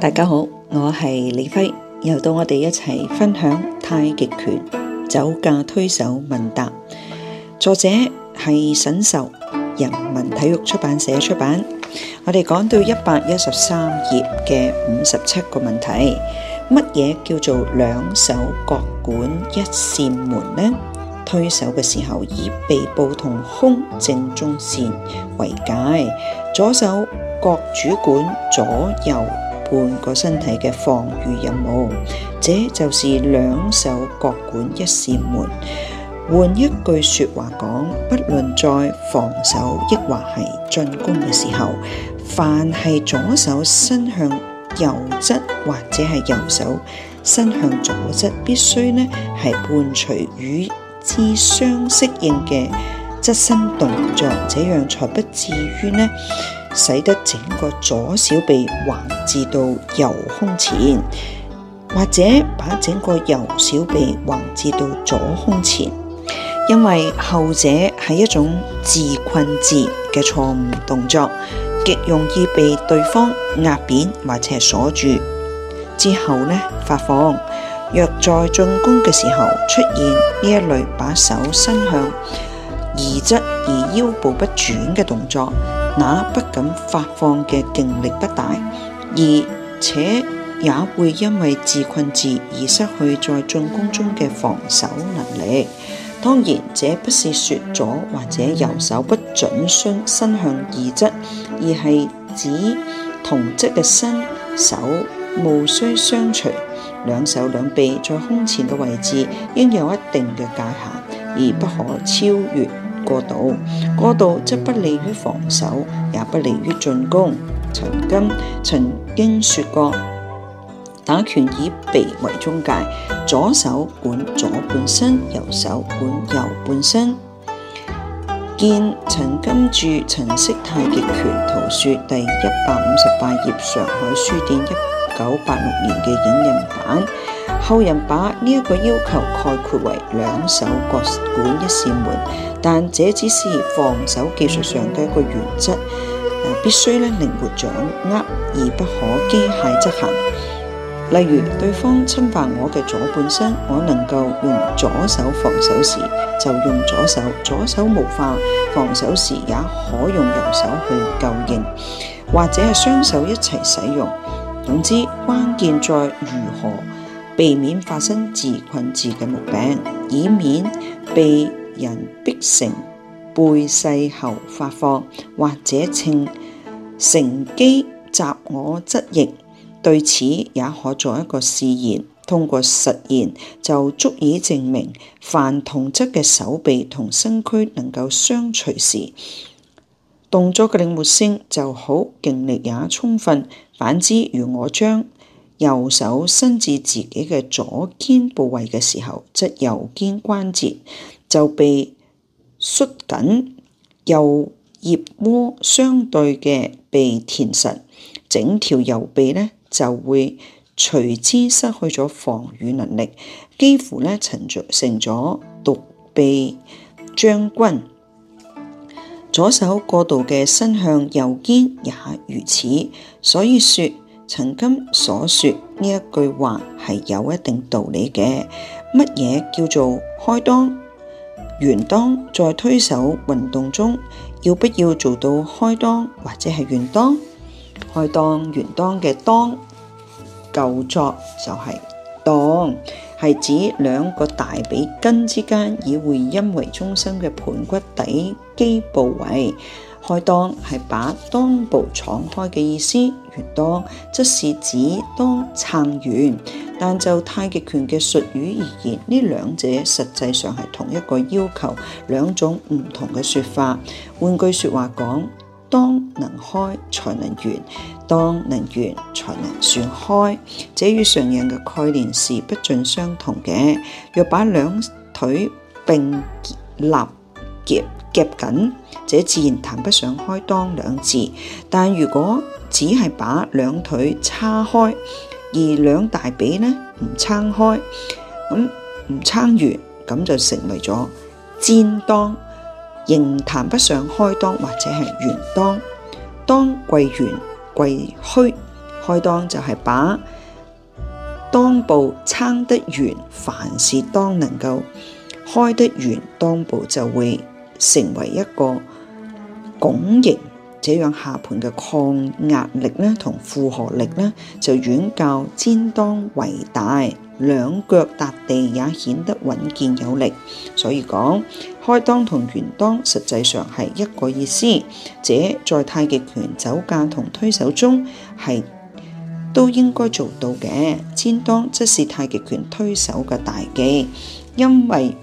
大家好，我係李輝，又到我哋一齊分享太極拳走架推手問答。作者係沈壽，人民體育出版社出版。我哋講到一百一十三頁嘅五十七個問題，乜嘢叫做兩手各管一扇門呢？推手嘅時候，以鼻部同胸正中線為界，左手各主管左右。半個身體嘅防禦任務，這就是兩手各管一扇門。換一句話說話講，不論在防守抑或係進攻嘅時候，凡係左手伸向右側或者係右手伸向左側，必須呢係伴隨與之相適應嘅側身動作，這樣才不至於呢。使得整個左小臂橫置到右胸前，或者把整個右小臂橫置到左胸前，因為後者係一種自困自嘅錯誤動作，極容易被對方壓扁或者係鎖住。之後呢，發放若在進攻嘅時候出現呢一類把手伸向移側而腰部不轉嘅動作。那不敢發放嘅勁力不大，而且也會因為自困自而失去在進攻中嘅防守能力。當然，這不是說左或者右手不准伸伸向異側，而係指同側嘅身手務須相隨，兩手兩臂在胸前嘅位置應有一定嘅界限，而不可超越。過度，過度則不利於防守，也不利於進攻。陳金曾經說過：打拳以鼻為中介，左手管左半身，右手管右半身。見陳金著《陳式太極拳圖說》第一百五十八頁，上海書店一九八六年嘅影印版。後人把呢一個要求概括為兩手各管一扇門，但這只是防守技術上嘅一個原則，必須咧靈活掌握，而不可機械執行。例如，對方侵犯我嘅左半身，我能夠用左手防守時，就用左手；左手無法防守時，也可用右手去救應，或者係雙手一齊使用。總之，關鍵在如何。避免發生自困自嘅毛病，以免被人逼成背勢後發放，或者趁乘機襲我側翼。對此也可做一個試驗，通過實驗就足以證明凡同側嘅手臂同身軀能夠相隨時，動作嘅靈活性就好，勁力也充分。反之，如我將右手伸至自己嘅左肩部位嘅時候，即右肩關節就被縮緊，右腋窩相對嘅被填實，整條右臂呢就會隨之失去咗防御能力，幾乎呢，沉着成咗獨臂將軍。左手過度嘅伸向右肩也如此，所以說。曾經所說呢一句話係有一定道理嘅。乜嘢叫做開襠、圓襠？在推手運動中，要不要做到開襠或者係圓襠？開襠、圓襠嘅襠，舊作就係襠，係指兩個大髀根之間以會陰為中心嘅盤骨底肌部位。開襠係把襠部敞開嘅意思，圓襠則是指襠撐圓。但就太極拳嘅術語而言，呢兩者實際上係同一個要求，兩種唔同嘅說法。換句話說話講，襠能開才能圓，襠能圓，才能算開。這與常人嘅概念，是不盡相同嘅。若把兩腿併立夾。夾緊，這自然談不上開襠兩字。但如果只係把兩腿叉開，而兩大髀呢唔撐開，咁唔撐圓，咁就成為咗尖襠，仍談不上開襠或者係圓襠。襠貴圓貴虛，開襠就係把襠部撐得圓，凡是襠能夠開得圓，襠部就會。成為一個拱形，這樣下盤嘅抗壓力咧同負荷力咧就遠較尖當為大，兩腳踏地也顯得穩健有力。所以講開當同圓當實際上係一個意思，這在太極拳走架同推手中係都應該做到嘅。尖當即是太極拳推手嘅大忌，因為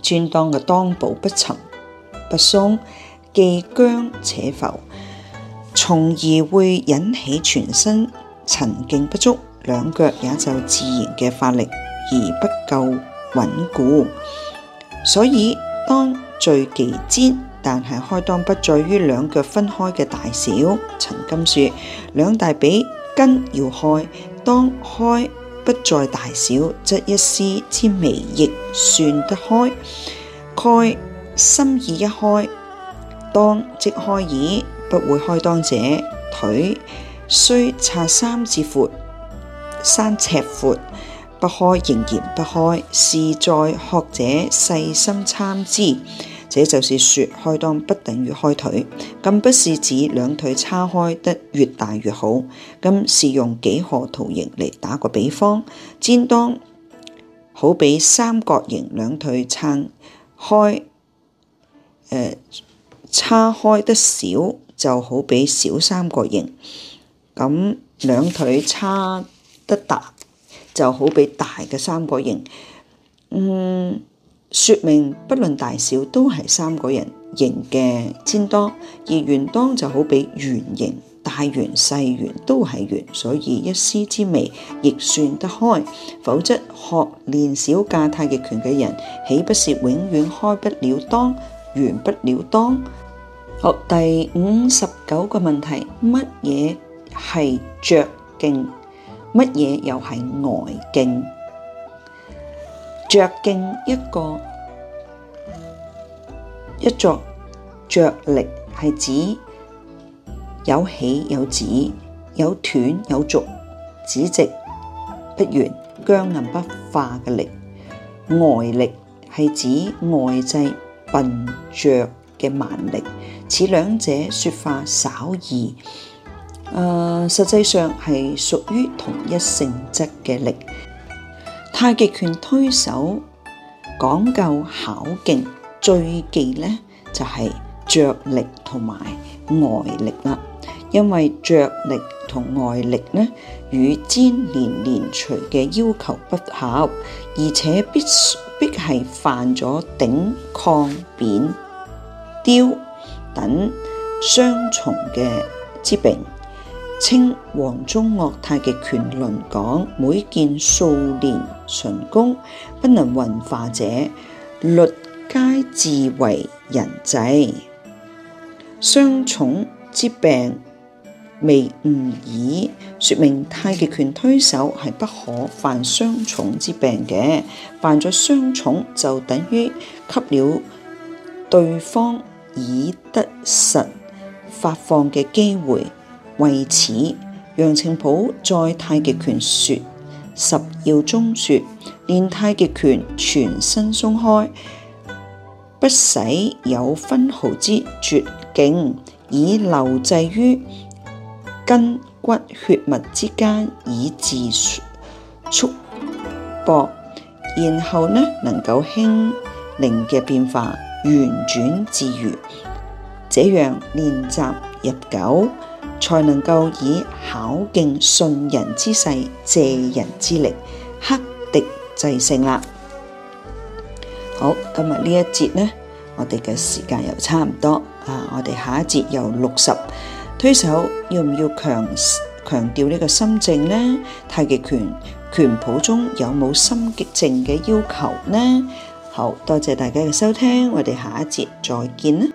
尖當嘅當部不沉。不鬆既僵且浮，從而會引起全身沉勁不足，兩腳也就自然嘅發力而不夠穩固。所以當最忌尖，但係開襠不在於兩腳分開嘅大小。陳金說：兩大髀根要開，當開不在大小，則一絲之微亦算得開蓋。心意一開，當即開矣。不會開當者，腿雖叉三尺闊三尺闊，不開仍然不開，是在學者細心參之。這就是說，開當不等於開腿，更不是指兩腿叉開得越大越好。咁是用幾何圖形嚟打個比方，尖當好比三角形，兩腿撐開。誒叉、呃、開得少，就好比小三角形；咁兩腿叉得大就好比大嘅三角形。嗯，說明不論大小都係三角形形嘅尖多，而圓當就好比圓形，大圓細圓都係圓，所以一絲之微亦算得開。否則學練小架太極拳嘅人，豈不是永遠開不了當？完不了當學、哦、第五十九個問題，乜嘢係着勁？乜嘢又係外勁？着勁一個一作着力，係指有起有止，有斷有續，止直不圓，僵硬不化嘅力。外力係指外制笨拙嘅蠻力，此兩者說話稍異，誒、呃，實際上係屬於同一性質嘅力。太極拳推手講究巧勁，最忌呢就係、是、着力同埋外力啦，因為着力同外力呢，與粘連連隨嘅要求不合，而且必須。必係犯咗頂抗扁丟等雙重嘅之病。清王宗岳太極拳論講：每見數年純功不能運化者，律皆自為人制。雙重之病。未誤已，說明太極拳推手係不可犯雙重之病嘅，犯咗雙重就等於給了對方以得實發放嘅機會。為此，楊澄甫在《太極拳說十要》中說：練太極拳全身鬆開，不使有分毫之絕境，以留滯於。筋骨血脈之間以自束縛，然後呢能夠輕靈嘅變化，圓轉自如，這樣練習日久，才能夠以巧勁順人之勢，借人之力，克敵制勝啦。好，今日呢一節呢，我哋嘅時間又差唔多啊，我哋下一節又六十。推手要唔要強強調呢個心靜呢？太極拳拳譜中有冇心極靜嘅要求呢？好多謝大家嘅收聽，我哋下一節再見啦！